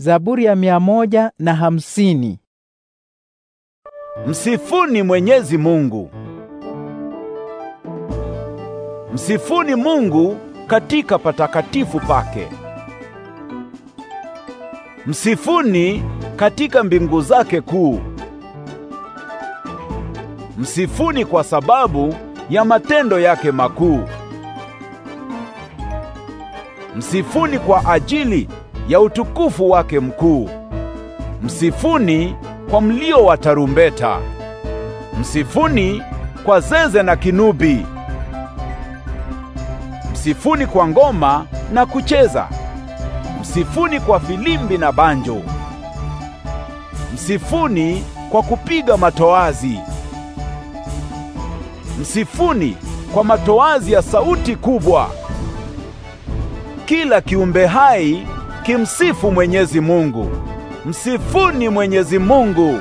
Zaburi ya mia moja na hamsini. Msifuni Mwenyezi Mungu. Msifuni Mungu katika patakatifu pake. Msifuni katika mbingu zake kuu. Msifuni kwa sababu ya matendo yake makuu. Msifuni kwa ajili ya utukufu wake mkuu. Msifuni kwa mlio wa tarumbeta, msifuni kwa zeze na kinubi, msifuni kwa ngoma na kucheza, msifuni kwa filimbi na banjo, msifuni kwa kupiga matoazi, msifuni kwa matoazi ya sauti kubwa. Kila kiumbe hai mkimsifu Mwenyezi Mungu. Msifuni Mwenyezi Mungu.